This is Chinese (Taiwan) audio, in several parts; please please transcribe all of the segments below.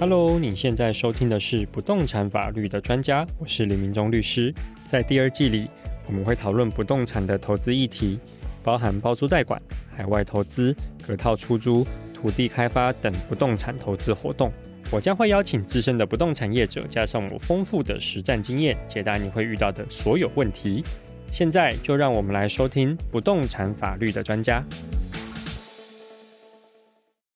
Hello，你現在收聽的是不動產法律的專家，我是李明忠律師。在第二季裡，我們會討論不動產的投資議題，包含包租代管、海外投資、隔套出租、土地開發等不動產投資活動。我將會邀請資深的不動產業者，加上我豐富的實戰經驗，解答你會遇到的所有問題。現在就讓我們來收聽不動產法律的專家。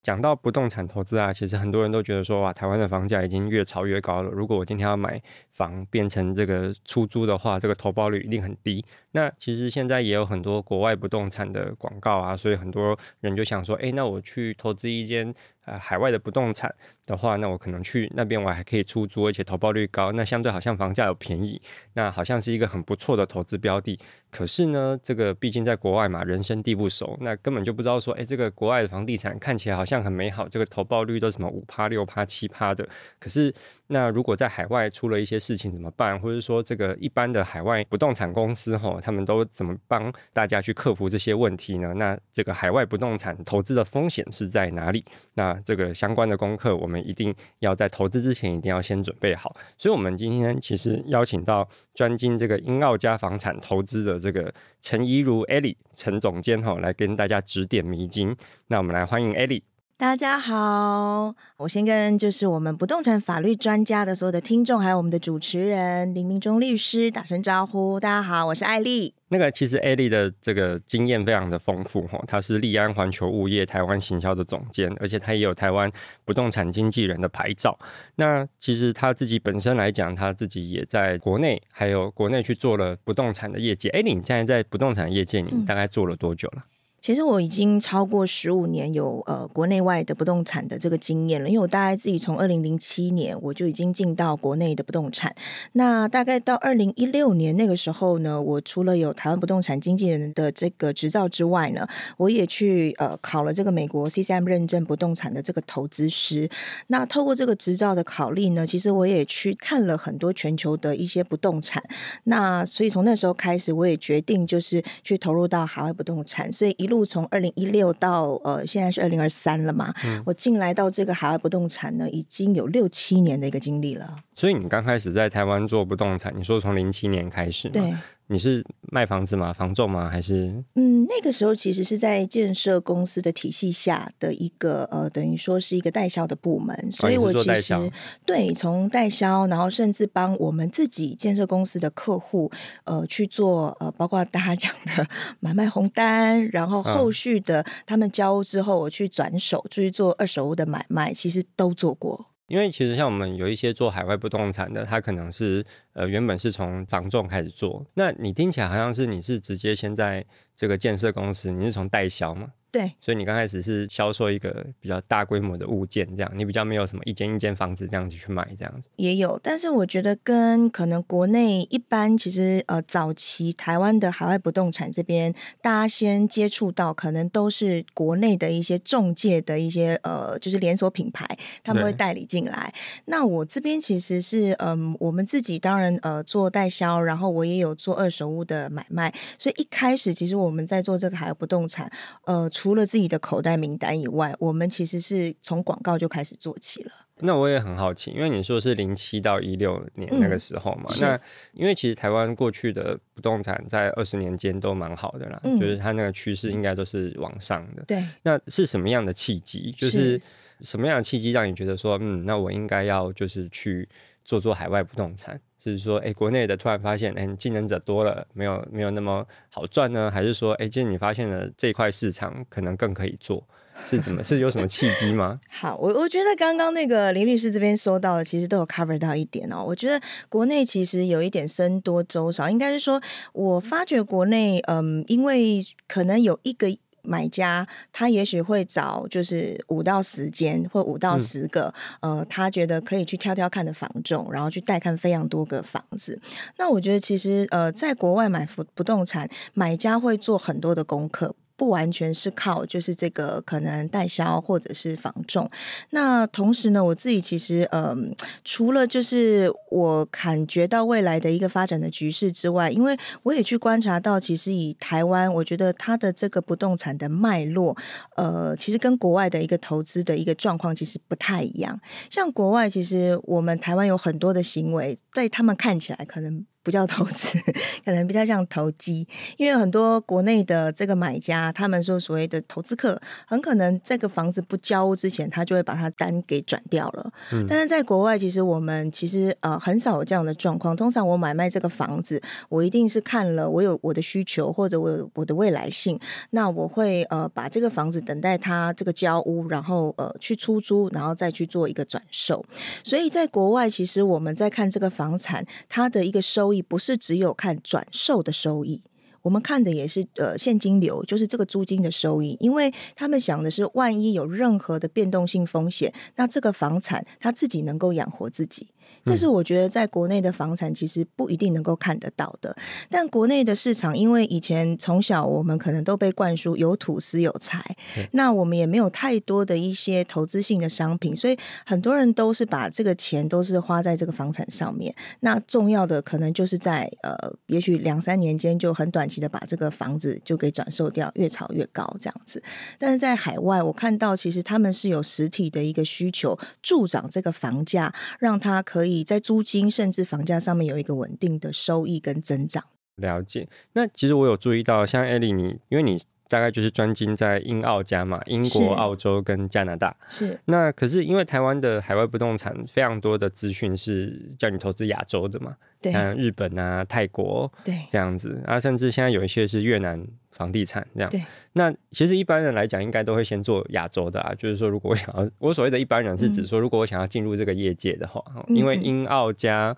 講到不動產投資啊，其實很多人都覺得說哇，台灣的房價已經越炒越高了。如果我今天要買房變成這個出租的話，這個投報率一定很低。那其實現在也有很多國外不動產的廣告啊，所以很多人就想說，哎、欸，那我去投資一間。呃，海外的不動產的話，那我可能去那邊，我還可以出租，而且投報率高，那相對好像房價又便宜，那好像是一個很不錯的投資標的。可是呢，這個畢竟在國外嘛，人生地不熟，那根本就不知道說，哎、欸，這個國外的房地產看起來好像很美好，這個投報率都什麼五趴、六趴、七趴的。可是，那如果在海外出了一些事情怎麼辦？或者說，這個一般的海外不動產公司哈，他們都怎麼幫大家去克服這些問題呢？那這個海外不動產投資的風險是在哪裡？那這個相關的功課，我們一定要在投資之前，一定要先準備好。所以，我們今天其實邀請到專精這個英澳加房產投資的這個陳怡如 Elly 陳總監哈，來跟大家指點迷津。那我們來歡迎 Elly。大家好，我先跟就是我們不動產法律專家的所有的聽眾，還有我們的主持人林明忠律師打聲招呼。大家好，我是 Elly。那個其實艾莉的這個經驗非常的豐富哈，她是利安環球物業台灣行銷的總監，而且她也有台灣不動產經紀人的牌照。那其實她自己本身來講，她自己也在國內還有國內去做了不動產的業界。艾莉，你現在在不動產業界，你大概做了多久了？嗯其實我已經超過十五年有呃國內外的不動產的這個經驗了，因為我大概自己從二零零七年我就已經進到國內的不動產，那大概到二零一六年那個時候呢，我除了有台灣不動產經紀人的這個執照之外呢，我也去呃考了這個美國 CCM 認證不動產的這個投資師。那透過這個執照的考慮呢，其實我也去看了很多全球的一些不動產，那所以從那時候開始，我也決定就是去投入到海外不動產，所以一從二零一六到呃，現在是二零二三了嘛，嗯，我進來到這個海外不動產呢，已經有六七年的一個經歷了。所以你剛開始在台灣做不動產，你說從零七年開始嗎？對。你是賣房子嗎？房仲嗎？還是嗯，那個時候其實是在建設公司的體系下的一個呃，等於說是一個代銷的部門，所以我其實、哦、對從代銷，然後甚至幫我們自己建設公司的客戶呃去做呃，包括大家講的買賣紅單，然後後續的他們交屋之後，我去轉手就是、嗯、做二手屋的買賣，其實都做過。因為其實像我們有一些做海外不動產的，他可能是呃原本是從房仲開始做，那你聽起來好像是你是直接先在這個建設公司，你是從代銷嗎？對，所以你剛開始是銷售一個比較大規模的物件，這樣你比較沒有什麼一間一間房子這樣子去買，這樣子也有，但是我覺得跟可能國內一般，其實呃，早期台灣的海外不動產這邊，大家先接觸到可能都是國內的一些仲介的一些呃，就是連鎖品牌，他們會代理進來。那我這邊其實是嗯、呃，我們自己當然呃做代銷，然後我也有做二手屋的買賣，所以一開始其實我們在做這個海外不動產，呃。除了自己的口袋名單以外，我們其實是從廣告，就開始做起了。那我也很好奇，因為你說是零七到一六年那個時候嘛、嗯，那因為其實台灣過去的不動產在二十年間都蠻好的啦、嗯，就是它那個趨勢應該都是往上的。對、嗯，那是什麼樣的契機？就是什麼樣的契機讓你覺得說，嗯，那我應該要就是去做做海外不動產？就是說，哎、欸，國內的突然發現，哎、欸，競爭者多了，沒有沒有那麼好賺呢？還是說，哎、欸，今天你發現了這塊市場可能更可以做，是怎麼？是有什麼契機嗎？ 好，我我覺得剛剛那個林律師這邊說到的，其實都有 cover 到一點哦、喔。我覺得國內其實有一點僧多粥少，應該是說，我發覺國內，嗯，因為可能有一個。買家他也許會找就是五到十間或五到十個、嗯，呃，他覺得可以去挑挑看的房仲，然後去帶看非常多個房子。那我覺得其實呃，在國外買不不動產，買家會做很多的功課。不完全是靠就是這個可能代銷或者是房仲那同時呢，我自己其實嗯、呃，除了就是我感覺到未來的一個發展的局勢之外，因為我也去觀察到，其實以台灣，我覺得它的這個不動產的脈絡，呃，其實跟國外的一個投資的一個狀況其實不太一樣。像國外，其實我們台灣有很多的行為，在他們看起來可能。不叫投資，可能比較像投機，因為很多國內的這個買家，他們說所謂的投資客，很可能這個房子不交屋之前，他就會把他單給轉掉了。嗯，但是在國外，其實我們其實呃很少有這樣的狀況。通常我買賣這個房子，我一定是看了我有我的需求，或者我有我的未來性，那我會呃把這個房子等待他這個交屋，然後呃去出租，然後再去做一個轉售。所以在國外，其實我們在看這個房產，它的一個收不是只有看轉售的收益，我們看的也是呃現金流，就是這個租金的收益。因為他們想的是，萬一有任何的變動性風險，那這個房產他自己能夠養活自己。這是我覺得在國內的房產其實不一定能夠看得到的。嗯，但國內的市場，因為以前從小我們可能都被灌輸有土斯有財。嗯，那我們也沒有太多的一些投資性的商品，所以很多人都是把這個錢都是花在這個房產上面。那重要的可能就是在呃，也許兩三年間就很短期的把這個房子就給轉售掉，越炒越高這樣子。但是在海外，我看到其實他們是有實體的一個需求，助長這個房價，讓它可以。在租金甚至房價上面有一個穩定的收益跟增長。了解。那其實我有注意到像，像愛莉，你因為你大概就是專精在英澳加嘛，英國、澳洲跟加拿大。是。那可是因為台灣的海外不動產非常多的資訊是叫你投資亞洲的嘛？嗯、啊，日本啊，泰國，這樣子啊，甚至現在有一些是越南房地產這樣。那其實一般人來講，應該都會先做亞洲的啊。就是說，如果我想要我所謂的一般人，是指說如果我想要進入這個業界的話，嗯、因為英澳加，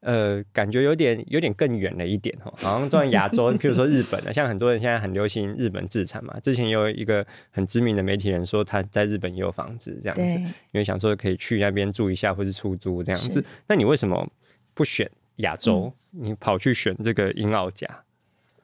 呃，感覺有點有點更遠了一點哈，好像算亞洲。 譬如說日本啊，像很多人現在很流行日本置產嘛。之前有一個很知名的媒體人說他在日本也有房子這樣子，因為想說可以去那邊住一下或是出租這樣子。那你為什麼不選？亞洲、嗯，你跑去選這個英澳加。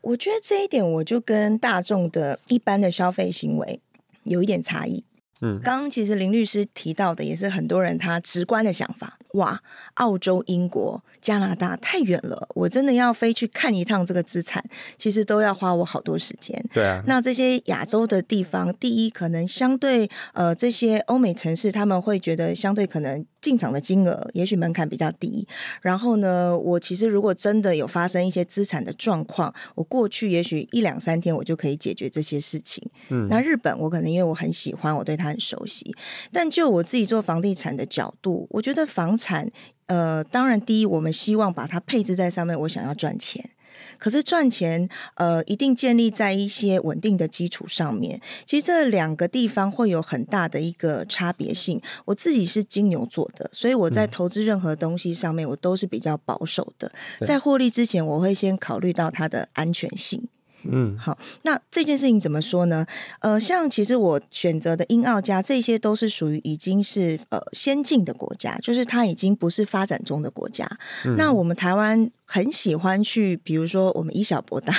我覺得這一點我就跟大眾的一般的消費行為有一點差異。嗯，剛剛其實林律師提到的也是很多人他直觀的想法，哇，澳洲、英國、加拿大太遠了，我真的要飛去看一趟這個資產，其實都要花我好多時間。對啊，那這些亞洲的地方，第一可能相對呃這些歐美城市，他們會覺得相對可能。進場的金額也許門檻比較低，然後呢，我其實如果真的有發生一些資產的狀況，我過去也許一兩三天我就可以解決這些事情。嗯，那日本我可能因為我很喜歡，我對它很熟悉，但就我自己做房地產的角度，我覺得房產，呃，當然第一，我們希望把它配置在上面，我想要賺錢。可是賺錢，呃，一定建立在一些穩定的基礎上面。其實這兩個地方會有很大的一個差別性。我自己是金牛座的，所以我在投資任何東西上面，我都是比較保守的。在獲利之前，我會先考慮到它的安全性。嗯，好，那這件事情怎麼說呢？呃，像其實我選擇的英、澳、加，這些都是屬於已經是呃先進的國家，就是它已經不是發展中的國家。嗯、那我們台灣很喜歡去，比如說我們以小博大，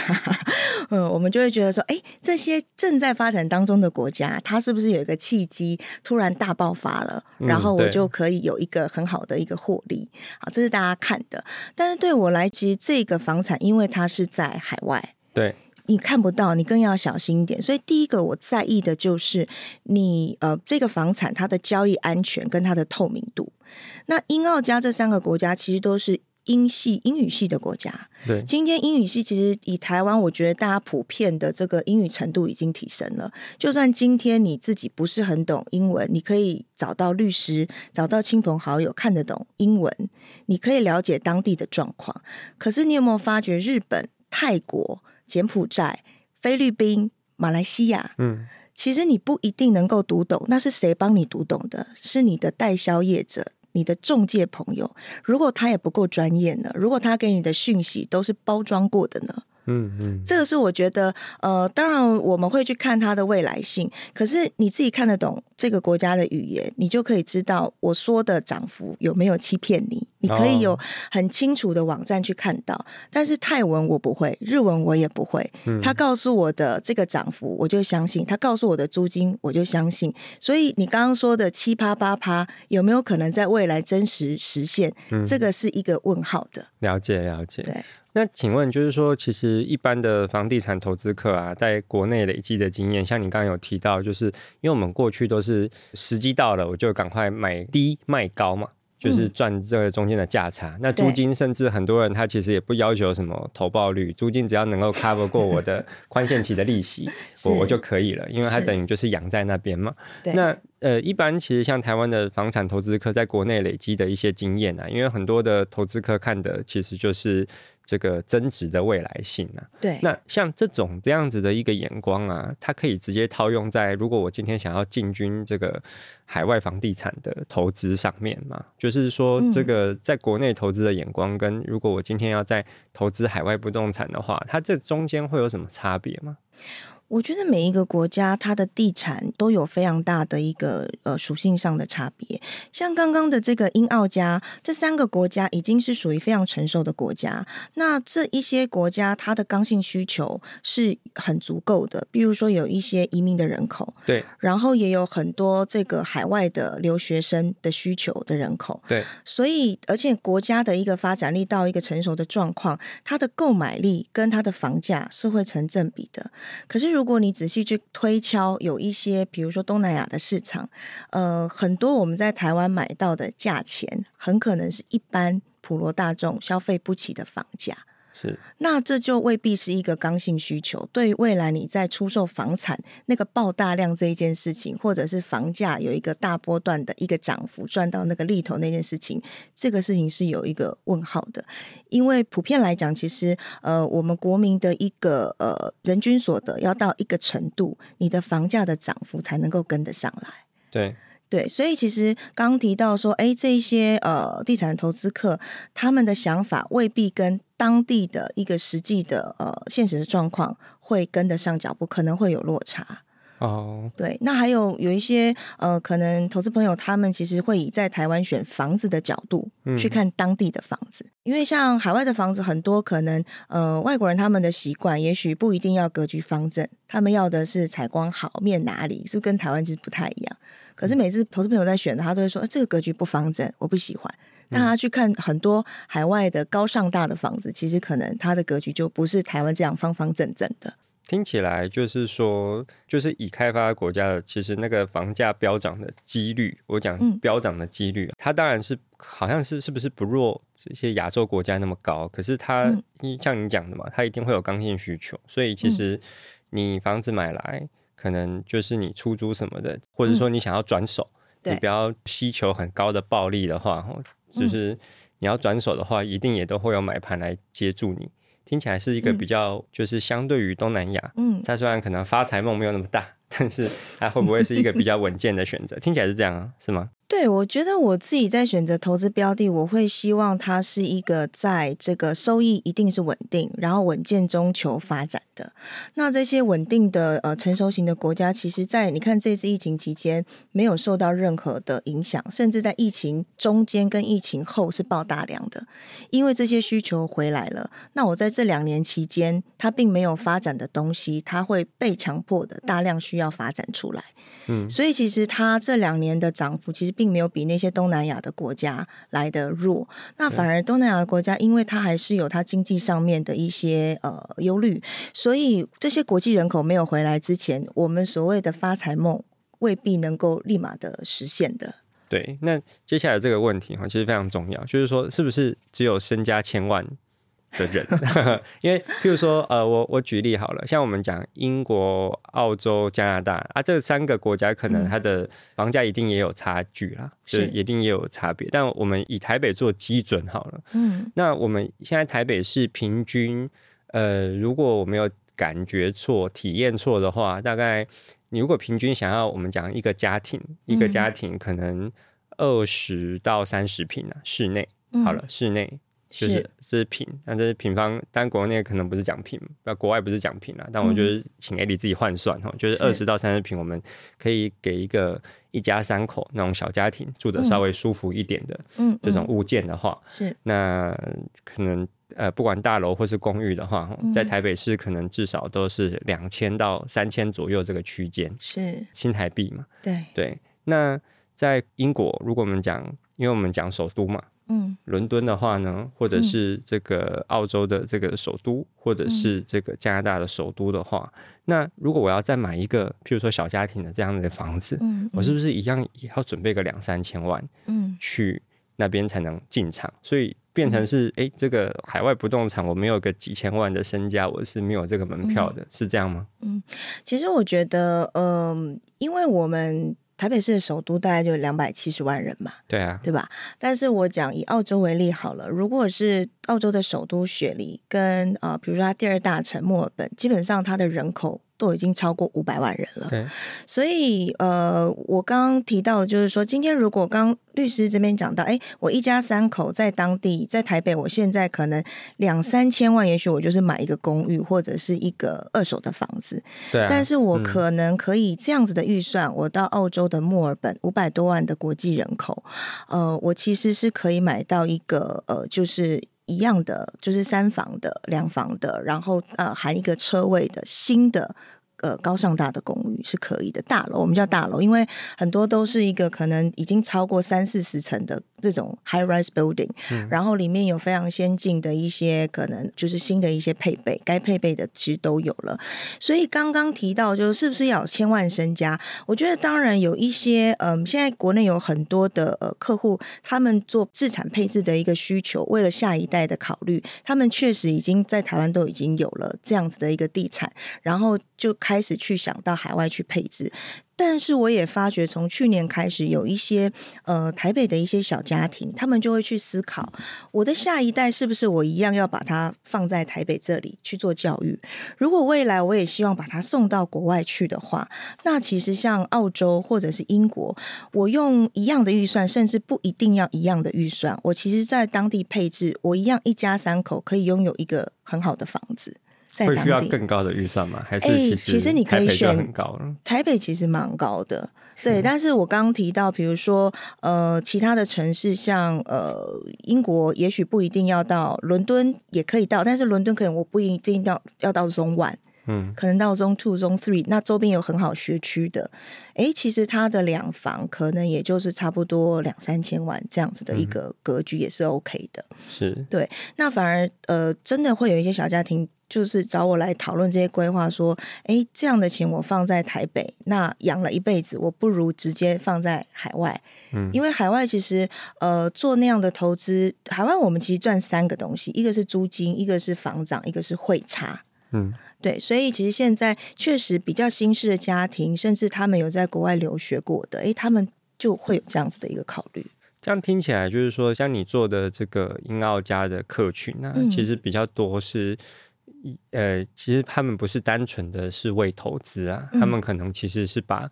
嗯，我們就會覺得說，哎、欸，這些正在發展當中的國家，它是不是有一個契機突然大爆發了，然後我就可以有一個很好的一個獲利？好，這是大家看的，但是對我來，其實這個房產，因為它是在海外，對。你看不到，你更要小心一點。所以第一個我在意的就是你呃，這個房產它的交易安全跟它的透明度。那英澳加這三個國家其實都是英系英語系的國家。對，今天英語系其實以台灣，我覺得大家普遍的這個英語程度已經提升了。就算今天你自己不是很懂英文，你可以找到律師，找到親朋好友看得懂英文，你可以了解當地的狀況。可是你有沒有發覺日本、泰國、柬埔寨、菲律賓、馬來西亞，嗯，其實你不一定能夠讀懂，那是誰幫你讀懂的？是你的代銷業者，你的中介朋友。如果他也不夠專業呢？如果他給你的訊息都是包裝過的呢？嗯嗯，這個是我覺得，呃，當然我們會去看它的未來性。可是你自己看得懂這個國家的語言，你就可以知道我說的漲幅有沒有欺騙你。你可以有很清楚的網站去看到，哦、但是泰文我不會，日文我也不會。他、嗯、告訴我的這個漲幅，我就相信；他告訴我的租金，我就相信。所以你剛剛說的七趴八趴有沒有可能在未來真實實現、嗯？這個是一個問號的。了解，了解。對。那請問，就是說，其實一般的房地產投資客啊，在國內累積的經驗，像你剛剛有提到，就是因為我們過去都是時機到了，我就趕快買低賣高嘛，就是賺這個中間的價差。那租金，甚至很多人他其實也不要求什麼投報率，租金只要能夠 cover 過我的寬限期的利息，我我就可以了，因為它等於就是養在那邊嘛。那呃，一般其實像台灣的房產投資客在國內累積的一些經驗啊，因為很多的投資客看的其實就是。這個增值的未來性啊，對，那像這種這樣子的一個眼光啊，它可以直接套用在如果我今天想要進軍這個海外房地產的投資上面嘛？就是說，這個在國內投資的眼光跟如果我今天要在投資海外不動產的話，它這中間會有什麼差別嗎？我覺得每一個國家，它的地產都有非常大的一個呃屬性上的差別。像剛剛的這個英澳加這三個國家，已經是屬於非常成熟的國家。那這一些國家，它的剛性需求是很足夠的。比如說有一些移民的人口，對，然後也有很多這個海外的留學生的需求的人口，對。所以，而且國家的一個發展力到一個成熟的狀況，它的購買力跟它的房價是會成正比的。可是如果如果你仔細去推敲，有一些，比如說東南亞的市場，呃，很多我們在台灣買到的價錢，很可能是一般普羅大眾消費不起的房價。是，那這就未必是一個剛性需求。對於未來你在出售房產那個爆大量這一件事情，或者是房價有一個大波段的一個漲幅賺到那個利頭那件事情，這個事情是有一個問號的。因為普遍來講，其實呃，我們國民的一個呃人均所得要到一個程度，你的房價的漲幅才能夠跟得上來。對。對，所以其實剛提到說，哎，這一些呃地產投資客他們的想法未必跟當地的一個實際的呃現實的狀況會跟得上腳步，可能會有落差哦。Oh. 對，那還有有一些呃，可能投資朋友他們其實會以在台灣選房子的角度去看當地的房子，嗯、因為像海外的房子很多，可能呃外國人他們的習慣也許不一定要格局方正，他們要的是採光好，面哪裡是不是跟台灣其實不太一樣。可是每次投資朋友在選的，他都會說、啊：“這個格局不方正，我不喜歡。”大家去看很多海外的高上大的房子，嗯、其實可能它的格局就不是台灣這樣方方正正的。聽起來就是說，就是已開發國家的，其實那個房價飆漲的幾率，我講飆漲的幾率、嗯，它當然是好像是是不是不弱這些亞洲國家那麼高？可是它、嗯、像你講的嘛，它一定會有剛性需求，所以其實你房子買來。嗯可能就是你出租什麼的，或者說你想要轉手、嗯，你不要希求很高的暴利的話、嗯，就是你要轉手的話，一定也都會有買盤來接住你。聽起來是一個比較，就是相對於東南亞，嗯，它雖然可能發財夢沒有那麼大，但是它會不會是一個比較穩健的選擇？ 聽起來是這樣啊，是嗎？對，我覺得我自己在選擇投資標的，我會希望它是一個在這個收益一定是穩定，然後穩健中求發展的。那這些穩定的呃成熟型的國家，其實，在你看這次疫情期間沒有受到任何的影響，甚至在疫情中間跟疫情後是爆大量的，因為這些需求回來了。那我在這兩年期間，它並沒有發展的東西，它會被強迫的大量需要發展出來。嗯，所以其實它這兩年的漲幅，其實。並沒有比那些東南亞的國家來的弱，那反而東南亞的國家，因為它還是有它經濟上面的一些呃憂慮，所以這些國際人口沒有回來之前，我們所謂的發財夢未必能夠立馬的實現的。對，那接下來這個問題哈，其實非常重要，就是說是不是只有身家千萬？的人， 因為譬如說，呃，我我舉例好了，像我們講英國、澳洲、加拿大啊，這三個國家可能它的房價一定也有差距啦，嗯，就是一定也有差別。但我們以台北做基準好了，嗯，那我們現在台北市平均，呃，如果我沒有感覺錯、體驗錯的話，大概你如果平均想要我們講一個家庭、嗯，一個家庭可能二十到三十平啊，室內、嗯、好了，室內。就是是坪，但這是平方，但國內可能不是講坪，那國外不是講坪啦，但我覺得請愛莉自己換算哈、嗯，就是二十到三十坪，我們可以給一個一家三口那種小家庭住的稍微舒服一點的，嗯，這種物件的話，嗯嗯嗯、是那可能呃，不管大樓或是公寓的話，在台北市可能至少都是兩千到三千左右這個區間，是新台幣嘛？對對。那在英國，如果我們講，因為我們講首都嘛。嗯，倫敦的話呢，或者是這個澳洲的這個首都，嗯、或者是這個加拿大的首都的話、嗯，那如果我要再買一個，譬如說小家庭的這樣的房子，嗯，嗯，我是不是一樣也要準備個兩三千萬，嗯，去那邊才能進場？嗯、所以變成是、嗯，誒，這個海外不動產，我沒有個幾千萬的身家，我是沒有這個門票的，嗯、是這樣嗎？嗯，其實我覺得，嗯、呃，因為我們。台北市的首都大概就兩百七十萬人嘛，對啊，對吧？但是我講以澳洲為例好了，如果是澳洲的首都雪梨跟啊、呃，比如說它第二大城墨爾本，基本上它的人口。都已經超過五百萬人了，對。所以，呃，我剛剛提到的就是說，今天如果剛律師這邊講到，誒，我一家三口在當地，在台北，我現在可能兩三千萬，也許我就是買一個公寓或者是一個二手的房子，對、啊。但是我可能可以，以這樣子的預算、嗯，我到澳洲的墨爾本，五百多萬的國際人口，呃，我其實是可以買到一個，呃，就是。一樣的就是三房的，兩房的，然後呃，含一個車位的新的，呃，高上大的公寓是可以的，大樓我們叫大樓，因為很多都是一個可能已經超過三四十層的這種 high rise building，、嗯、然後裡面有非常先進的一些可能就是新的一些配備，該配備的其實都有了。所以剛剛提到就是，是不是要有千萬身家，我覺得當然有一些嗯、呃，現在國內有很多的呃客戶，他們做資產配置的一個需求，為了下一代的考慮，他們確實已經在台灣都已經有了這樣子的一個地產，然後。就開始去想到海外去配置，但是我也發覺從去年開始，有一些呃台北的一些小家庭，他們就會去思考，我的下一代是不是我一樣要把它放在台北這裡去做教育？如果未來我也希望把它送到國外去的話，那其實像澳洲或者是英國，我用一樣的預算，甚至不一定要一樣的預算，我其實在當地配置，我一樣一家三口可以擁有一個很好的房子。會需要更高的預算嗎？還是其實，欸、其實你可以選台北，台北其實蠻高的，對。嗯、但是我剛提到，比如說呃，其他的城市像呃英國，也許不一定要到倫敦也可以到，但是倫敦可能我不一定要到要到中 one，嗯，可能到中 two 中 three。那周邊有很好學區的，哎、欸，其實它的兩房可能也就是差不多兩三千萬這樣子的一個格局也是 OK 的。是、嗯，對。那反而呃，真的會有一些小家庭。就是找我來討論這些規劃，說，哎，這樣的錢我放在台北，那養了一輩子，我不如直接放在海外。嗯，因為海外其實，呃，做那樣的投資，海外我們其實賺三個東西，一個是租金，一個是房漲，一個是匯差。嗯，對，所以其實現在確實比較新式的家庭，甚至他們有在國外留學過的，哎，他們就會有這樣子的一個考慮。這樣聽起來就是說，像你做的這個英澳加的客群啊，那其實比較多是。呃，其實他們不是單純的是為投資啊，嗯，他們可能其實是把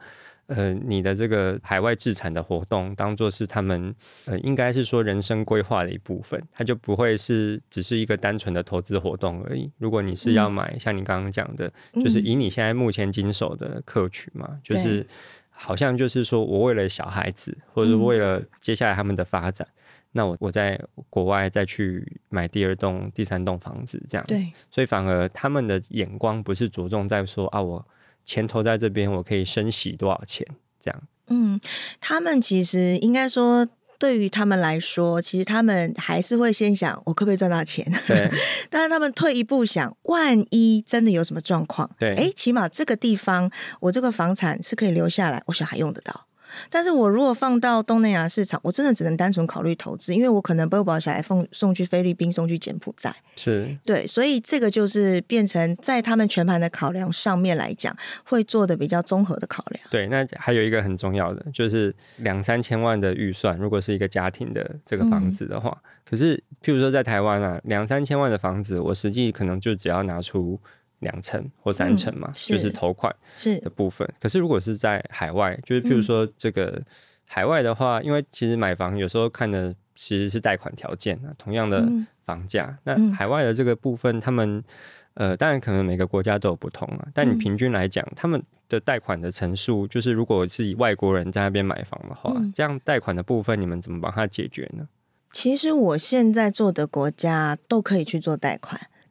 呃你的這個海外置產的活動當作是他們呃應該是說人生規劃的一部分，他就不會是只是一個單純的投資活動而已。如果你是要買，像你剛剛講的，嗯，就是以你現在目前經手的客群嘛，嗯，就是好像就是說我為了小孩子或者是為了接下來他們的發展。嗯那我我在國外再去買第二棟、第三棟房子這樣子，對。所以反而他們的眼光不是着重在說啊，我錢投在這邊，我可以升息多少錢這樣。嗯，他們其實應該說，對於他們來說，其實他們還是會先想，我可不可以賺到錢？對。 但是他們退一步想，萬一真的有什麼狀況，對，哎，起碼這個地方我這個房產是可以留下來，我想還用得到。但是我如果放到東南亞市場，我真的只能單純考慮投資，因為我可能不會把小孩送送去菲律賓，送去柬埔寨。是，對，所以這個就是變成在他們全盤的考量上面來講，會做的比較綜合的考量。對，那還有一個很重要的就是兩三千萬的預算，如果是一個家庭的這個房子的話，嗯，可是譬如說在台灣啊，兩三千萬的房子，我實際可能就只要拿出。兩成或三成嘛，嗯，就是頭款的部分是。可是如果是在海外，就是譬如說這個海外的話，嗯、因為其實買房有時候看的其實是貸款條件啊。同樣的房價，那、嗯、海外的這個部分，他們呃，當然可能每個國家都有不同啊。但你平均來講，他們的貸款的成數，就是如果是以外國人在那邊買房的話，嗯、這樣貸款的部分，你們怎麼把它解決呢？其實我現在做的國家都可以去做貸款。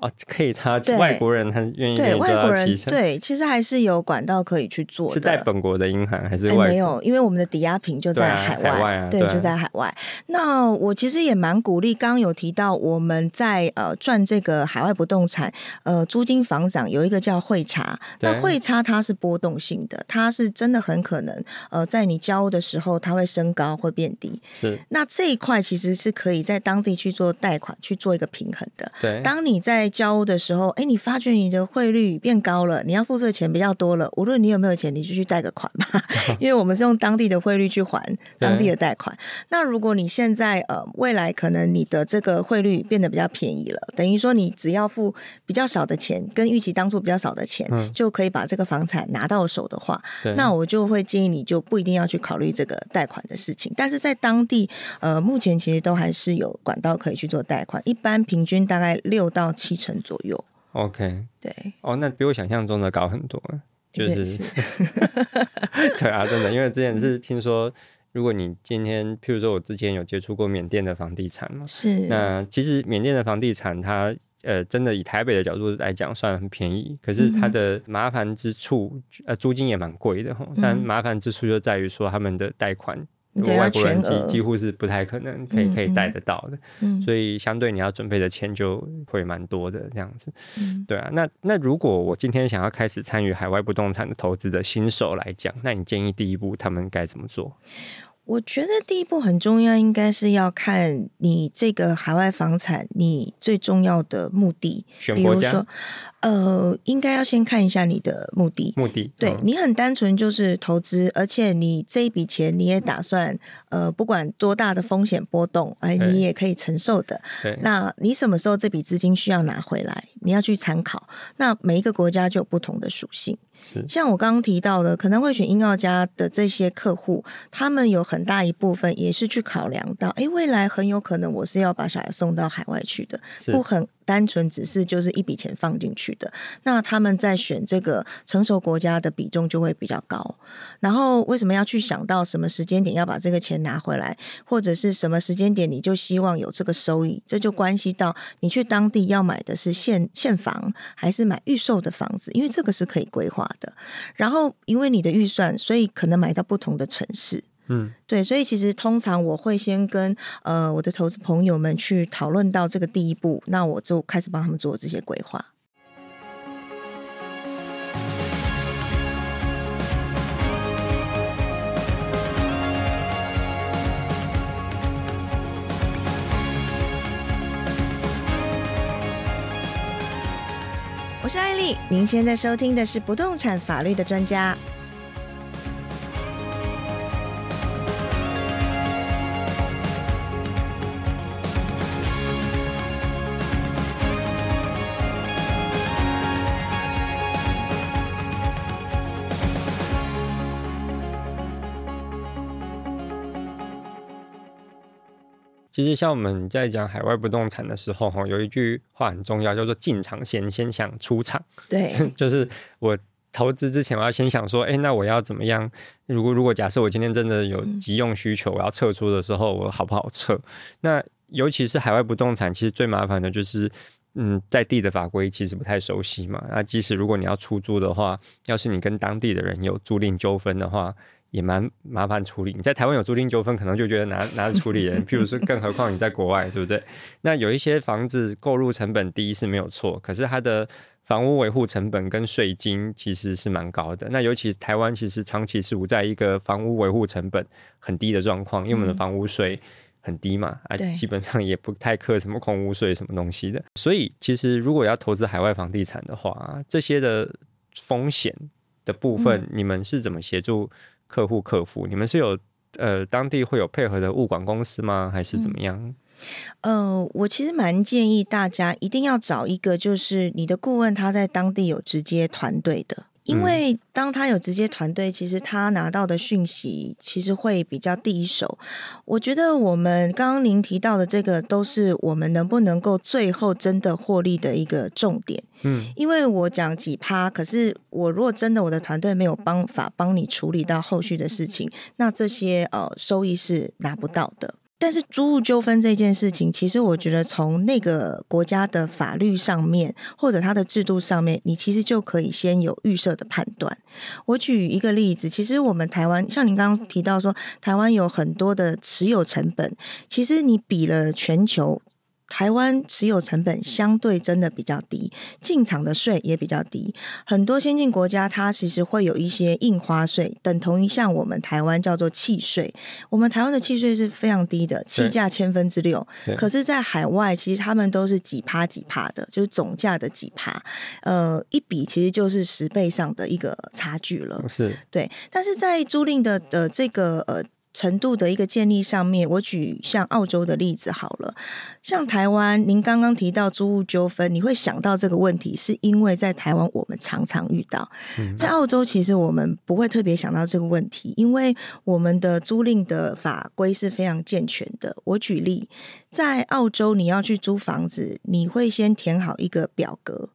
哦，可以插外，外國人，很願意對外國人對，其實還是有管道可以去做的。是在本國的銀行還是還、欸、沒有，因為我們的抵押品就在海外，對、海外啊對，對啊，就在海外。那我其實也蠻鼓勵，剛剛有提到我們在呃賺這個海外不動產，呃，租金房漲有一個叫匯差，那匯差它是波動性的，它是真的很可能呃在你交屋的時候它會升高會變低。是，那這一塊其實是可以在當地去做貸款去做一個平衡的。對，當你在交的時候，哎、欸，你發覺你的匯率變高了，你要付這個錢比較多了。無論你有沒有錢，你就去貸個款吧， 因為我們是用當地的匯率去還當地的貸款。那如果你現在呃，未來可能你的這個匯率變得比較便宜了，等於說你只要付比較少的錢，跟預期當初比較少的錢、嗯、就可以把這個房產拿到手的話，那我就會建議你就不一定要去考慮這個貸款的事情。但是在當地，呃，目前其實都還是有管道可以去做貸款，一般平均大概六到七。成左右，OK，對，哦、oh,，那比我想象中的高很多，就是，欸、對，是 對啊，真的，因為之前是聽說，如果你今天、嗯，譬如說我之前有接觸過緬甸的房地產嘛，是，那其實緬甸的房地產它，它呃，真的以台北的角度來講，算很便宜，可是它的麻煩之處嗯嗯，呃，租金也蠻貴的哈，但麻煩之處就在於說他們的貸款。如果外國人幾幾乎是不太可能可以可以貸得到的，嗯嗯，所以相對你要準備的錢就會蠻多的這樣子。對啊，那那如果我今天想要開始參與海外不動產的投資的新手來講，那你建議第一步他們該怎麼做？我覺得第一步很重要，應該是要看你這個海外房產，你最重要的目的，比如說，呃，應該要先看一下你的目的。目的，對、哦，你很單純就是投資，而且你這一筆錢你也打算，呃，不管多大的風險波動，哎、呃，你也可以承受的。那你什麼時候這筆資金需要拿回來？你要去參考。那每一個國家就有不同的屬性。像我剛剛提到的，可能會選英澳加的這些客戶，他們有很大一部分也是去考量到，誒，未來很有可能我是要把小孩送到海外去的，不很，單純只是就是一筆錢放進去的，那他們在選這個成熟國家的比重就會比較高。然後為什麼要去想到什麼時間點要把這個錢拿回來，或者是什麼時間點你就希望有這個收益？這就關係到你去當地要買的是現現房還是買預售的房子，因為這個是可以規劃的。然後因為你的預算，所以可能買到不同的城市。嗯，對，所以其實通常我會先跟呃我的投資朋友們去討論到這個第一步，那我就開始幫他們做這些規劃。我是愛莉，您現在收聽的是不動產法律的專家。其實像我們在講海外不動產的時候，哈，有一句話很重要，叫做“進場前先，先想出場”。對， 就是我投資之前，我要先想說，哎，那我要怎麼樣？如果如果假設我今天真的有急用需求，我要撤出的時候，我好不好撤，嗯？那尤其是海外不動產，其實最麻煩的就是，嗯，在地的法規其實不太熟悉嘛。那即使如果你要出租的話，要是你跟當地的人有租賃糾紛的話。也蠻麻煩處理。你在台灣有租賃糾紛，可能就覺得拿拿着處理人， 譬如說，更何況你在國外，對不對？那有一些房子購入成本低是沒有錯，可是它的房屋維護成本跟稅金其實是蠻高的。那尤其台灣其實長期是處在一個房屋維護成本很低的狀況，因為我們的房屋稅很低嘛、嗯，啊，基本上也不太課什麼空屋稅什麼東西的。所以，其實如果要投資海外房地產的話，這些的風險的部分、嗯，你們是怎麼協助？客戶客服，你們是有呃當地會有配合的物管公司嗎？還是怎麼樣？嗯、呃，我其實蠻建議大家一定要找一個，就是你的顧問他在當地有直接團隊的。因為當他有直接團隊，其實他拿到的訊息其實會比較第一手。我覺得我們剛剛您提到的這個，都是我們能不能夠最後真的獲利的一個重點。嗯，因為我講幾趴，可是我如果真的我的團隊沒有辦法幫你處理到後續的事情，那這些呃收益是拿不到的。但是租屋糾紛這件事情，其實我覺得從那個國家的法律上面，或者它的制度上面，你其實就可以先有預設的判斷。我舉一個例子，其實我們台灣像您剛剛提到說，台灣有很多的持有成本，其實你比了全球，台灣持有成本相對真的比較低，進場的稅也比較低。很多先進國家它其實會有一些印花稅，等同於像我們台灣叫做契稅。我們台灣的契稅是非常低的，契價千分之六。可是，在海外其實他們都是幾趴幾趴的，就是總價的幾趴。呃，一比其實就是十倍上的一個差距了。是，對。但是在租賃的的，呃，這個呃。程度的一個建立上面，我舉像澳洲的例子好了。像台灣，您剛剛提到租屋糾紛，你會想到這個問題，是因為在台灣我們常常遇到。嗯。在澳洲，其實我們不會特別想到這個問題，因為我們的租賃的法規是非常健全的。我舉例，在澳洲你要去租房子，你會先填好一個表格。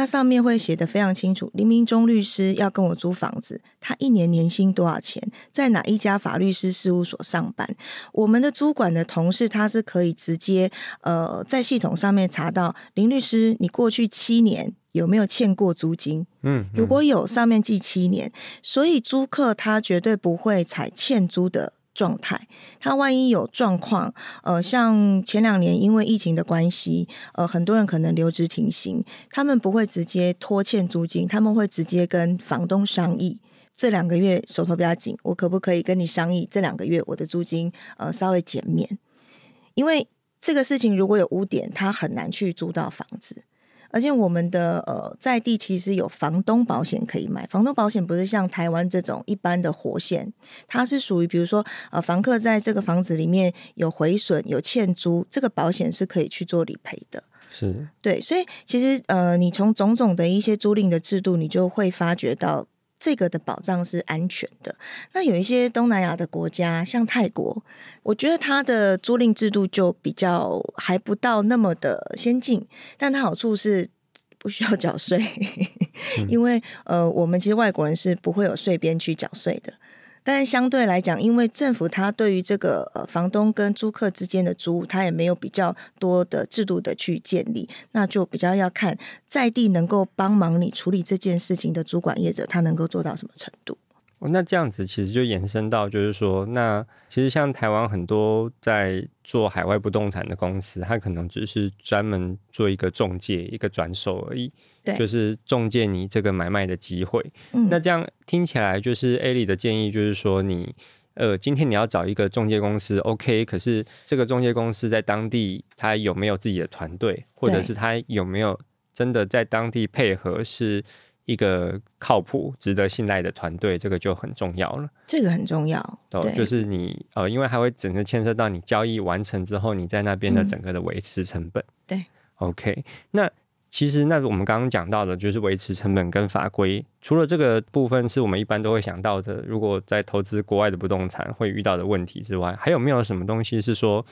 那上面會寫得非常清楚，林明忠律師要跟我租房子，他一年年薪多少錢，在哪一家法律師事務所上班？我們的主管的同事他是可以直接，呃，在系統上面查到林律師，你過去七年有沒有欠過租金？嗯，嗯，如果有，上面記七年，所以租客他絕對不會踩欠租的狀態，他萬一有狀況，呃，像前兩年因為疫情的關係，呃，很多人可能留職停薪，他們不會直接拖欠租金，他們會直接跟房東商議，這兩個月手頭比較緊，我可不可以跟你商議，這兩個月我的租金呃稍微減免。因為這個事情如果有污點，他很難去租到房子。而且我們的呃在地其實有房東保險可以買，房東保險不是像台灣這種一般的火險，它是屬於比如說呃房客在這個房子裡面有毀損有欠租，這個保險是可以去做理賠的。是，對，所以其實呃你從種種的一些租賃的制度，你就會發覺到，這個的保障，是安全的。那有一些東南亞的國家，像泰國，我覺得它的租賃制度就比較還不到那麼的先進，但它好處是不需要繳稅， 因為呃，我們其實外國人是不會有稅邊去繳稅的。但相對來講，因為政府它對於這個呃房東跟租客之間的租務，它也沒有比較多的制度的去建立，那就比較要看在地能夠幫忙你處理這件事情的主管業者，他能夠做到什麼程度。那這樣子其實就延伸到，就是說，那其實像台灣很多在做海外不動產的公司，它可能只是專門做一個中介、一個轉手而已。對，就是中介你這個買賣的機會。嗯，那這樣聽起來，就是 Elly 的建議，就是說你，你呃，今天你要找一個中介公司，OK，可是這個中介公司在當地，它有沒有自己的團隊，或者是它有沒有真的在當地配合？是。一個靠譜、值得信賴的團隊，這個就很重要了。這個很重要，對，對就是你呃，因為還會整個牽涉到你交易完成之後，你在那邊的整個的維持成本。嗯、對，OK 那。那其實，那我們剛剛講到的，就是維持成本跟法規，除了這個部分是我們一般都會想到的，如果在投資國外的不動產會遇到的問題之外，還有沒有什麼東西是說，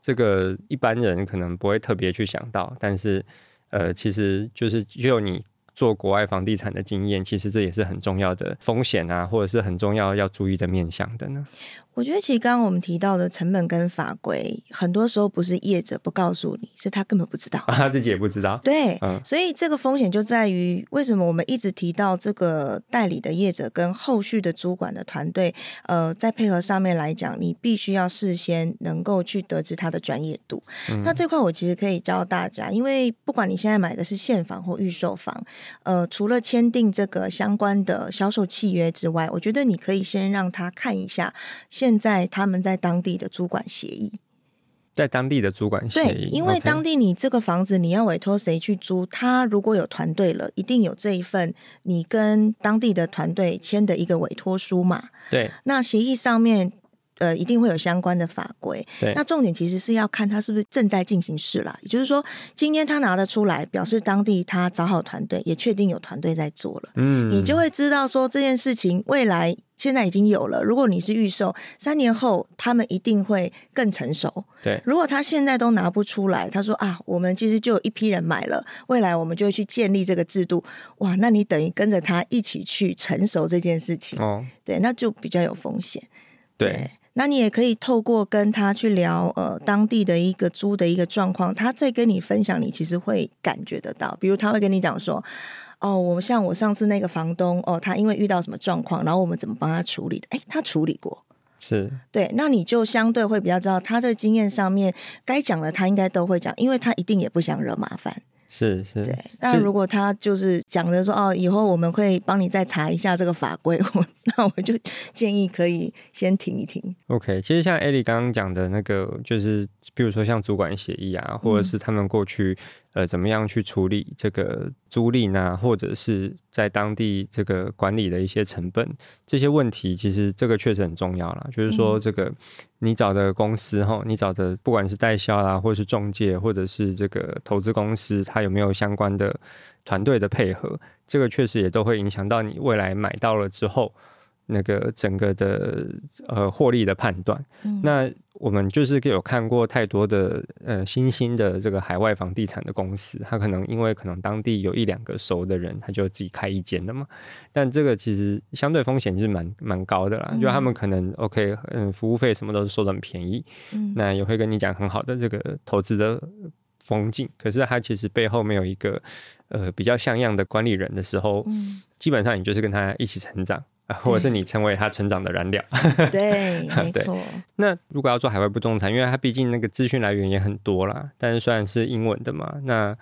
這個一般人可能不會特別去想到，但是呃，其實就是只有你。做國外房地產的經驗，其實這也是很重要的風險啊，或者是很重要要注意的面向的呢？我覺得其實剛剛我們提到的成本跟法規，很多時候不是業者不告訴你，是他根本不知道，啊，他自己也不知道。對，嗯、所以這個風險就在於，為什麼我們一直提到這個代理的業者跟後續的主管的團隊，呃，在配合上面來講，你必須要事先能夠去得知他的專業度。嗯、那這塊我其實可以教大家，因為不管你現在買的是現房或預售房，呃，除了簽訂這個相關的銷售契約之外，我覺得你可以先讓他看一下。現在他們在當地的租管協議，在當地的租管協議，因為當地你這個房子你要委託誰去租，Okay，他如果有團隊了，一定有這一份你跟當地的團隊簽的一個委託書嘛。對，那協議上面。呃，一定會有相關的法規。對。那重點其實是要看他是不是正在進行式了，也就是說，今天他拿得出來，表示當地他找好團隊，也確定有團隊在做了。嗯。你就會知道說這件事情未來現在已經有了。如果你是預售，三年後他們一定會更成熟。對。如果他現在都拿不出來，他說啊，我們其實就有一批人買了，未來我們就會去建立這個制度。哇，那你等於跟着他一起去成熟這件事情。哦。對，那就比較有風險。對。對那你也可以透過跟他去聊，呃，當地的一個租的一個狀況，他再跟你分享，你其實會感覺得到。比如他會跟你講說，哦，我們像我上次那個房東，哦，他因為遇到什麼狀況，然後我們怎麼幫他處理的？哎，他處理過，是對。那你就相對會比較知道他在經驗上面該講的，他應該都會講，因為他一定也不想惹麻煩。是是，對。但如果他就是講的說，哦，以後我們會幫你再查一下這個法規。那我就建議可以先停一停。OK，其實像愛莉剛剛講的那個，就是比如說像主管協議啊，或者是他們過去呃怎麼樣去處理這個租賃啊，或者是在當地這個管理的一些成本這些問題，其實這個確實很重要啦。就是說，這個你找的公司哈，你找的不管是代銷啦、啊，或是中介，或者是這個投資公司，它有沒有相關的團隊的配合，這個確實也都會影響到你未來買到了之後。那個整個的呃獲利的判斷，嗯，那我們就是有看過太多的呃新興的這個海外房地產的公司，他可能因為可能當地有一兩個熟的人，他就自己開一間了嘛。但這個其實相對風險是蠻蠻高的啦，嗯，就他們可能 OK，嗯，服務費什麼都是收的很便宜，嗯，那也會跟你講很好的這個投資的風景。可是他其實背後沒有一個呃比較像樣的管理人的時候，嗯，基本上你就是跟他一起成長。或者是你成為他成長的燃料對。 對，沒錯。那如果要做海外不動產，因為他畢竟那個資訊來源也很多啦。但是雖然是英文的嘛，那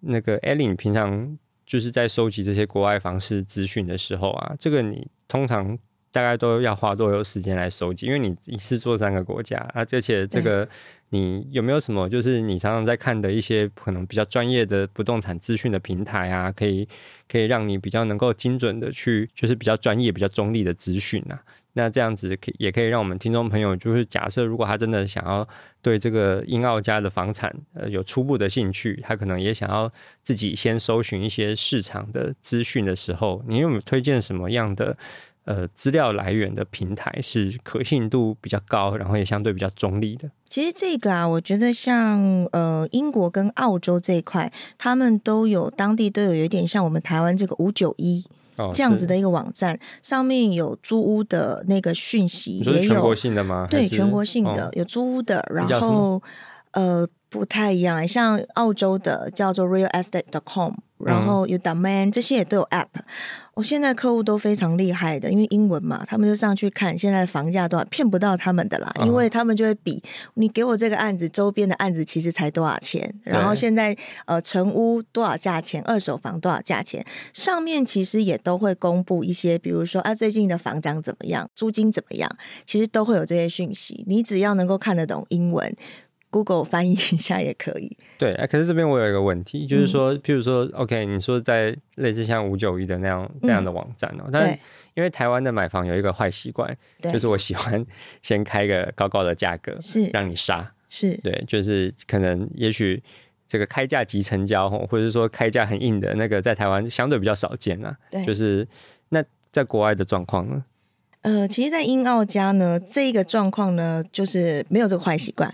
那個愛莉平常就是在收集這些國外房市資訊的時候啊，這個你通常。大概都要花多久時間來收集？因為你是做三個國家啊，而且這個你有沒有什麼，就是你常常在看的一些可能比較專業的不動產資訊的平台啊，可以可以讓你比較能夠精準的去，就是比較專業、比較中立的資訊啊。那這樣子可也可以讓我們聽眾朋友，就是假設如果他真的想要對這個英澳加的房產呃有初步的興趣，他可能也想要自己先搜尋一些市場的資訊的時候，你有沒有推薦什麼樣的？呃，資料來源的平台是可信度比較高，然後也相對比較中立的。其實這個啊，我覺得像呃英國跟澳洲這一塊，他們都有當地都有有一點像我們台灣這個五九一這樣子的一個網站，哦、上面有租屋的那個訊息，也有全國性的嗎？對，全國性的、嗯、有租屋的，然後、嗯、呃不太一樣，像澳洲的叫做 realestate.com。然後有 Domain 這些也都有 App，我、哦、現在客戶都非常厲害的，因為英文嘛，他們就上去看現在房價多少，騙不到他們的啦，嗯、因為他們就會比你給我這個案子周邊的案子其實才多少錢，然後現在呃成屋多少價錢，二手房多少價錢，上面其實也都會公布一些，比如說啊最近的房漲怎麼樣，租金怎麼樣，其實都會有這些訊息，你只要能夠看得懂英文。Google 翻譯一下也可以。對，啊、可是這邊我有一個問題，就是說，嗯、譬如說，OK，你說在類似像五九一的那樣那樣、嗯、的網站哦、喔，但是因為台灣的買房有一個壞習慣，就是我喜歡先開個高高的價格，是讓你殺，是對，就是可能也許這個開價即成交，或者是說開價很硬的那個，在台灣相對比較少見啊。對，就是那在國外的狀況呢？呃，其實，在英澳加呢，這一個狀況呢，就是沒有這個壞習慣。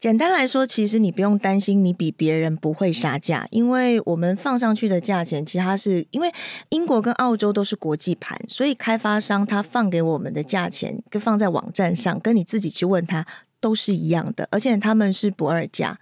簡單來說，其實你不用擔心你比別人不會殺價，因為我們放上去的價錢，其實它是因為英國跟澳洲都是國際盤，所以開發商他放給我們的價錢跟放在網站上，跟你自己去問他都是一樣的，而且他們是不二價，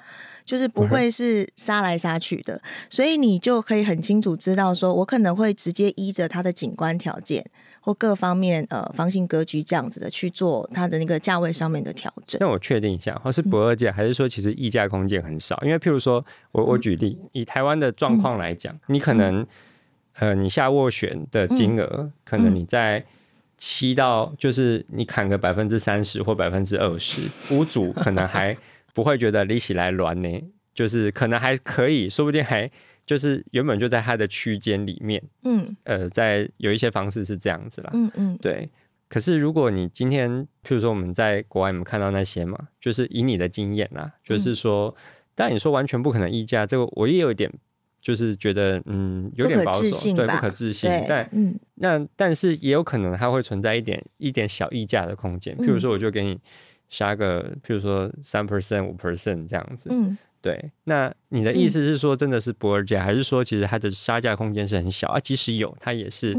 就是不會是殺來殺去的，所以你就可以很清楚知道，說我可能會直接依着他的景觀條件。或各方面呃，房型格局這樣子的去做它的那個價位上面的調整。那我確定一下，它是不二價，嗯，還是說其實議價空間很少？因為譬如說，我我舉例、嗯、以台灣的狀況來講、嗯，你可能呃你下斡旋的金額、嗯，可能你在七到就是你砍個百分之三十或百分之二十，屋主可能還不會覺得利息來亂呢， 就是可能還可以，說不定還。就是原本就在它的區間裡面，嗯，呃，在有一些方式是這樣子啦，嗯嗯，對。可是如果你今天，譬如說我們在國外有沒有看到那些嘛，就是以你的經驗啦，嗯，就是說，當然你說完全不可能議價這個，我也有一點就是覺得，嗯，有點保守，不可置信，對，不可置信。但嗯，那但是也有可能它會存在一點一點小議價的空間，嗯。譬如說，我就給你殺個，譬如說三 percent、五 percent 這樣子，嗯對，那你的意思是說，真的是不二價，還是說其實它的殺價空間是很小啊？即使有，它也是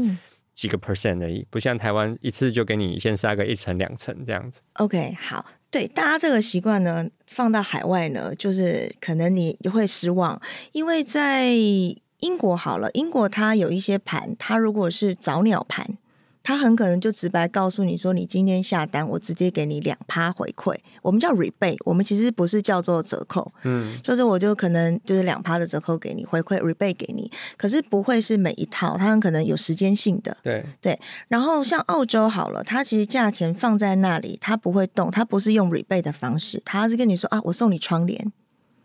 幾個 percent 而已，不像台灣一次就給你先殺個一成兩成這樣子。OK，好，對大家這個習慣呢，放到海外呢，就是可能你會失望，因為在英國好了，英國它有一些盤，它如果是早鳥盤。他很可能就直白告訴你說：“你今天下單，我直接給你兩趴回饋。”我們叫 rebate，我們其實不是叫做折扣，嗯，就是我就可能就是兩趴的折扣給你回饋 rebate 給你，可是不會是每一套，他很可能有時間性的，對對。然後像澳洲好了，他其實價錢放在那裡，他不會動，他不是用 rebate 的方式，他是跟你說啊，我送你窗簾，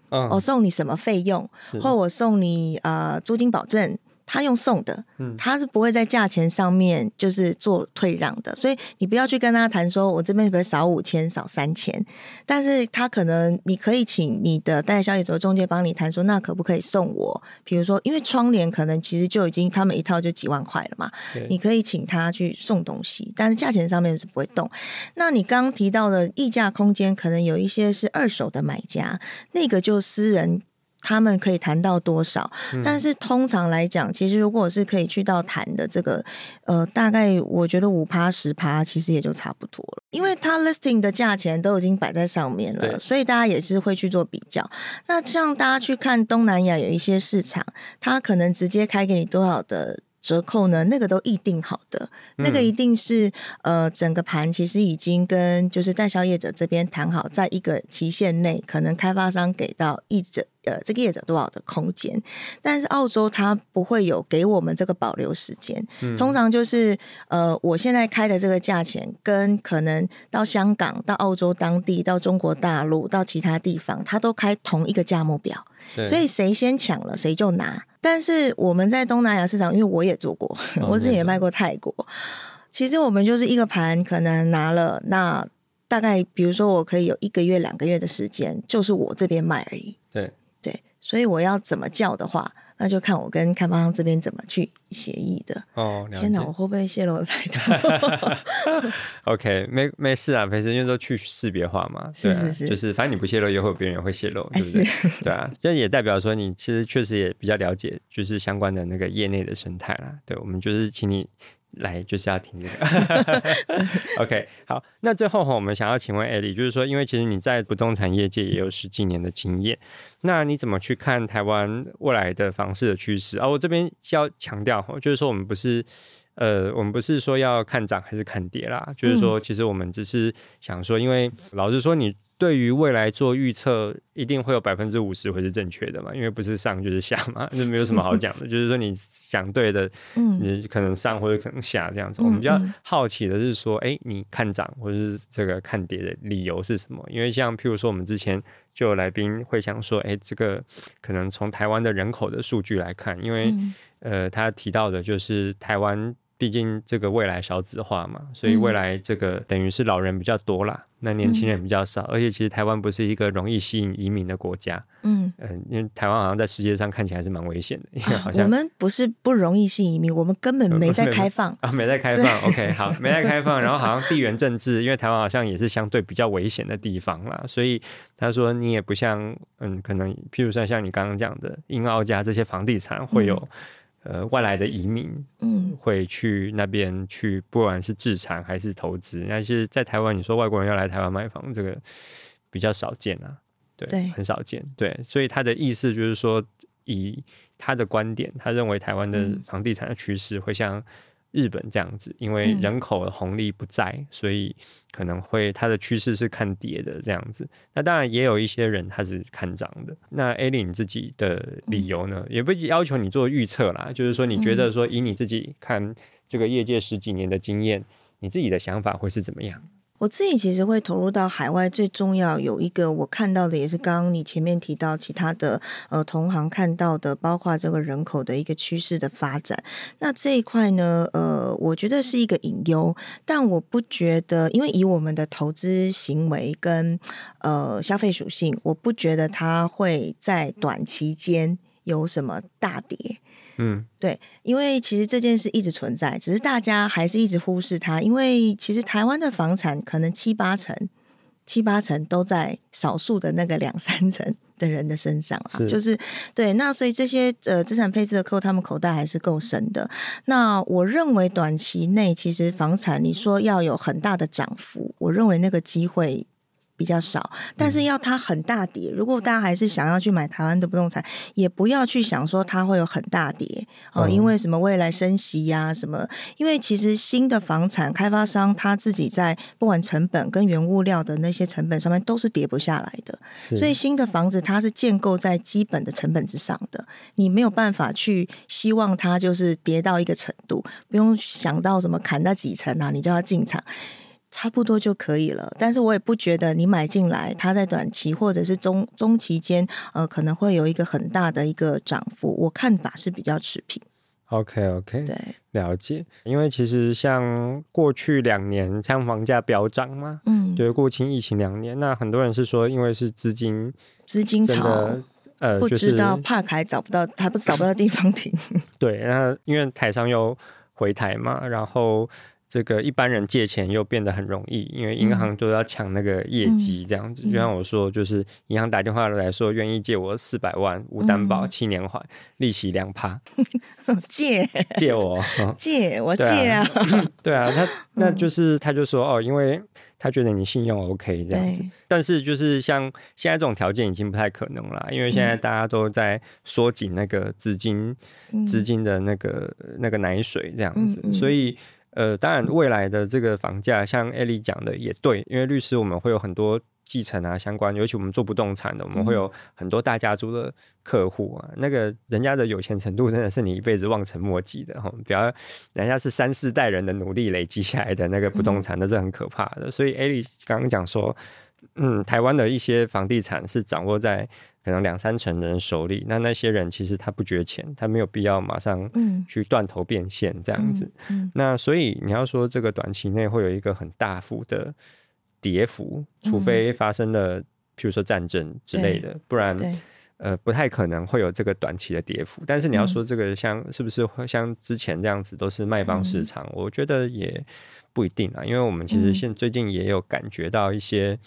嗯，我送你什麼費用，或我送你呃租金保證。他用送的，他是不會在價錢上面就是做退讓的，嗯、所以你不要去跟他談說，我這邊是不是少五千、少三千？但是他可能你可以請你的代銷業者中介幫你談說，那可不可以送我？比如說，因為窗簾可能其實就已經他們一套就幾萬塊了嘛，你可以請他去送東西，但是價錢上面是不會動。那你剛剛提到的溢價空間，可能有一些是二手的買家，那個就私人。他們可以談到多少？但是通常來講，其實如果是可以去到談的這個，呃，大概我覺得五趴十趴，其實也就差不多了。因為它 listing 的價錢都已經擺在上面了，所以大家也是會去做比較。那像大家去看東南亞有一些市場，它可能直接開給你多少的折扣呢？那個都議定好的，嗯，那個一定是呃，整個盤其實已經跟就是代銷業者這邊談好，在一個期限內，可能開發商給到一整。呃，這個業者多少的空間？但是澳洲它不會有給我們這個保留時間，嗯、通常就是呃，我現在開的這個價錢，跟可能到香港、到澳洲當地、到中國大陸、到其他地方，它都開同一個價目表，所以誰先搶了誰就拿。但是我們在東南亞市場，因為我也做過，哦、 我自己也賣過泰國、嗯，其實我們就是一個盤，可能拿了那大概，比如說我可以有一個月、兩個月的時間，就是我這邊賣而已，對。所以我要怎麼叫的話，那就看我跟開發商這邊怎麼去協議的。哦，天哪，我會不會洩露的太多？OK，沒沒事啊，沒事，因為都去識別化嘛。是是是，對是、啊、就是反正你不洩露，以後別人也會別人會洩露，對不對？對啊，這也代表說你其實確實也比較了解，就是相關的那個業內的生態啦，對，我們就是請你。來就是要聽這個 ，OK，好，那最後哈，我們想要請問 i e 就是說，因為其實你在不動產業界也有十幾年的經驗，那你怎麼去看台灣未來的房市的趨勢？啊、哦，我這邊要強調就是說我們不是呃，我們不是說要看漲還是看跌啦，就是說，其實我們只是想說，因為老實說你。對於未來做預測，一定會有百分之五十會是正確的嘛？因為不是上就是下嘛，那沒有什麼好講的。 就是說你想對的，嗯，你可能上或者可能下這樣子。嗯、我們比較好奇的是說，誒、欸，你看漲或者是這個看跌的理由是什麼？因為像譬如說，我們之前就有來賓會想說，誒、欸，這個可能從台灣的人口的數據來看，因為、嗯、呃，他提到的就是台灣。畢竟這個未來少子化嘛，所以未來這個等於是老人比較多啦、嗯，那年輕人比較少，而且其實台灣不是一個容易吸引移民的國家，嗯嗯、呃，因為台灣好像在世界上看起來是蠻危險的，因為好像、啊、我們不是不容易吸引移民，我們根本沒在開放、呃、啊，沒在開放，OK，好，沒在開放， 然後好像地緣政治，因為台灣好像也是相對比較危險的地方啦，所以他說你也不像，嗯，可能譬如說像你剛剛講的英澳加這些房地產會有。嗯呃，外來的移民，嗯，會去那邊去，嗯、不管是置產還是投資。但是在台灣，你說外國人要來台灣買房，這個比較少見啊，對，對，很少見。對，所以他的意思就是說，以他的觀點，他認為台灣的房地產的趨勢會像日本這樣子，因為人口紅利不在，嗯、所以可能會它的趨勢是看跌的這樣子。那當然也有一些人他是看漲的。那 Elly 你自己的理由呢？嗯、也不要求你做預測啦，就是說你覺得說以你自己看這個業界十幾年的經驗，你自己的想法會是怎麼樣？我自己其實會投入到海外，最重要有一個我看到的，也是剛剛你前面提到其他的呃同行看到的，包括這個人口的一個趨勢的發展。那這一塊呢，呃，我覺得是一個隱憂，但我不覺得，因為以我們的投資行為跟呃消費屬性，我不覺得它會在短期間有什麼大跌。嗯，對，因為其實這件事一直存在，只是大家還是一直忽視它。因為其實台灣的房產可能七八成，七八成都在少數的那個兩三成的人的身上了，啊，就是對。那所以這些呃資產配置的客戶，他們口袋還是夠深的。那我認為短期內，其實房產你說要有很大的漲幅，我認為那個機會。比較少，但是要它很大跌，如果大家還是想要去買台灣的不動產，也不要去想說它會有很大跌啊，嗯，因為什麼未來升息呀，、啊，什麼？因為其實新的房產開發商他自己在不管成本跟原物料的那些成本上面都是跌不下來的，所以新的房子它是建構在基本的成本之上的，你沒有辦法去希望它就是跌到一個程度，不用想到什麼砍到幾層啊，你就要進場。差不多就可以了，但是我也不覺得你買進來，它在短期或者是中中期間，呃，可能會有一個很大的一個漲幅。我看法是比較持平。OK OK，對，了解。因為其實像過去兩年，像房價飆漲嘛，嗯，對、就是，過去疫情兩年，那很多人是說，因為是資金資金潮，呃，不知道怕、就是、還找不到，還不找不到地方停。 對，那因為台商又回台嘛，然後。這個一般人借錢又變得很容易，因為銀行都要搶那個業績，這樣子，嗯。就像我說，就是銀行打電話來說，願意借我四百萬，無擔保，七年還，嗯，利息兩趴 。借借我借我借啊！ 對啊，他那就是他就說哦，因為他覺得你信用 OK 這樣子，但是就是像現在這種條件已經不太可能了，因為現在大家都在縮緊那個資金，嗯，資金的那個，嗯，那個奶水這樣子，嗯嗯，所以。呃，當然，未來的這個房價，像 Elly 講的也對，因為律師我們會有很多繼承啊相關，尤其我們做不動產的，我們會有很多大家族的客戶啊，嗯，那個人家的有錢程度真的是你一輩子望塵莫及的哈，比較人家是三四代人的努力累積下來的那個不動產，嗯，那是很可怕的。所以 Elly 剛剛講說，嗯，台灣的一些房地產是掌握在。可能兩三成人手裡，那那些人其實他不缺錢，他沒有必要馬上去斷頭變現這樣子。嗯嗯嗯。那所以你要說這個短期內會有一個很大幅的跌幅，除非發生了，譬如說戰爭之類的，嗯、不然呃不太可能會有這個短期的跌幅。但是你要說這個像是不是會像之前這樣子都是賣方市場，嗯、我覺得也不一定啊，因為我們其實現在最近也有感覺到一些。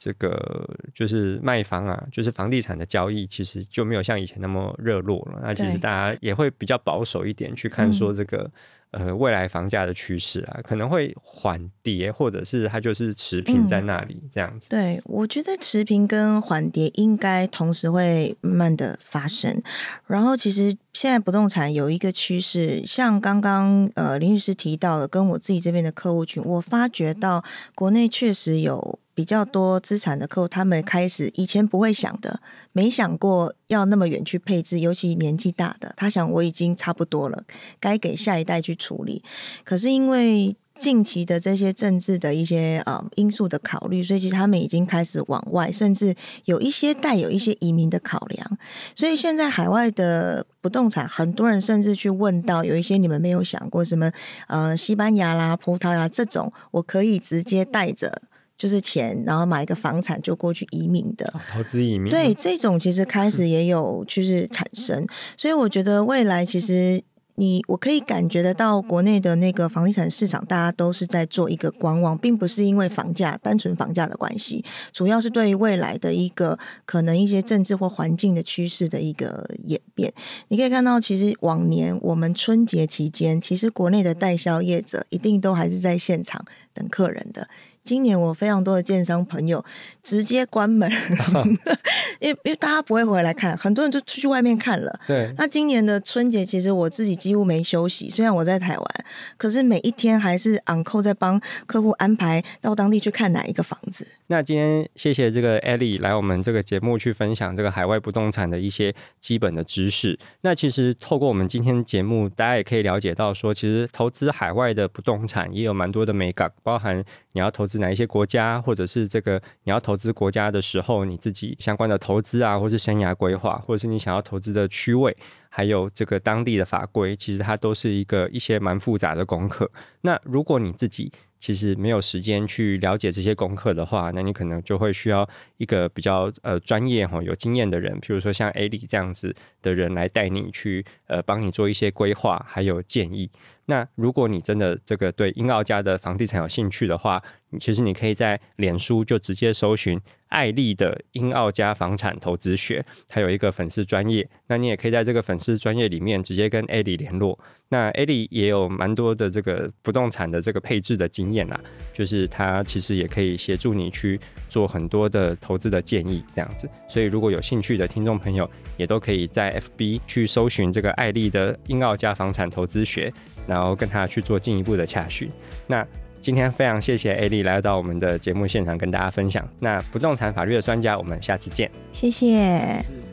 這個就是賣房啊，就是房地產的交易，其實就沒有像以前那麼熱絡了。那其實大家也會比較保守一點，去看說這個、嗯、呃未來房價的趨勢啊，可能會緩跌，或者是它就是持平在那裡、嗯、這樣子。對，我覺得持平跟緩跌應該同時會慢慢的發生。然後其實現在不動產有一個趨勢，像剛剛呃林律師提到的，跟我自己這邊的客戶群，我發覺到國內確實有。比較多資產的客戶，他們開始以前不會想的，沒想過要那麼遠去配置。尤其年紀大的，他想我已經差不多了，該給下一代去處理。可是因為近期的這些政治的一些呃因素的考慮，所以其實他們已經開始往外，甚至有一些帶有一些移民的考量。所以現在海外的不動產，很多人甚至去問到有一些你們沒有想過什麼，呃西班牙啦、葡萄牙這種，我可以直接帶着。就是錢，然後買一個房產就過去移民的。啊、投資移民。對，這種其實開始也有趨勢產生，嗯。所以我覺得未來其實你我可以感覺得到，國內的那個房地產市場，大家都是在做一個觀望，並不是因為房價，單純房價的關係，主要是對於未來的一個可能一些政治或環境的趨勢的一個演變。你可以看到，其實往年我們春節期間，其實國內的代銷業者一定都還是在現場等客人的。今年我非常多的建商朋友直接關門，因、啊、為 因為大家不會回來看，很多人就出去外面看了。對，那今年的春節其實我自己幾乎沒休息，雖然我在台灣，可是每一天還是 on call 在幫客戶安排到當地去看哪一個房子。那今天謝謝這個艾 l i 來我們這個節目去分享這個海外不動產的一些基本的知識。那其實透過我們今天節目，大家也可以了解到說，其實投資海外的不動產也有蠻多的美感，包含你要投資哪一些國家，或者是這個你要投資國家的時候，你自己相關的投資啊，或是生涯規劃，或者是你想要投資的區位，還有這個當地的法規，其實它都是一個一些蠻複雜的功課。那如果你自己其實沒有時間去了解這些功課的話，那你可能就會需要一個比較呃專業哈、哦、有經驗的人，比如說像 Elly 這樣子的人來帶你去。呃，幫你做一些規劃，還有建議。那如果你真的這個對英澳加的房地產有興趣的話，其實你可以在臉書就直接搜尋愛莉的英澳加房產投資學，還有一個粉絲專頁。那你也可以在這個粉絲專頁裡面直接跟愛莉聯絡。那愛莉也有蠻多的這個不動產的這個配置的經驗啦，就是他其實也可以協助你去做很多的投資的建議這樣子。所以如果有興趣的聽眾朋友，也都可以在 FB 去搜尋這個。愛莉的英澳加房產投資學，然後跟他去做進一步的洽詢。那今天非常謝謝愛莉來到我們的節目現場跟大家分享。那不動產法律的專家，我們下次見。謝謝。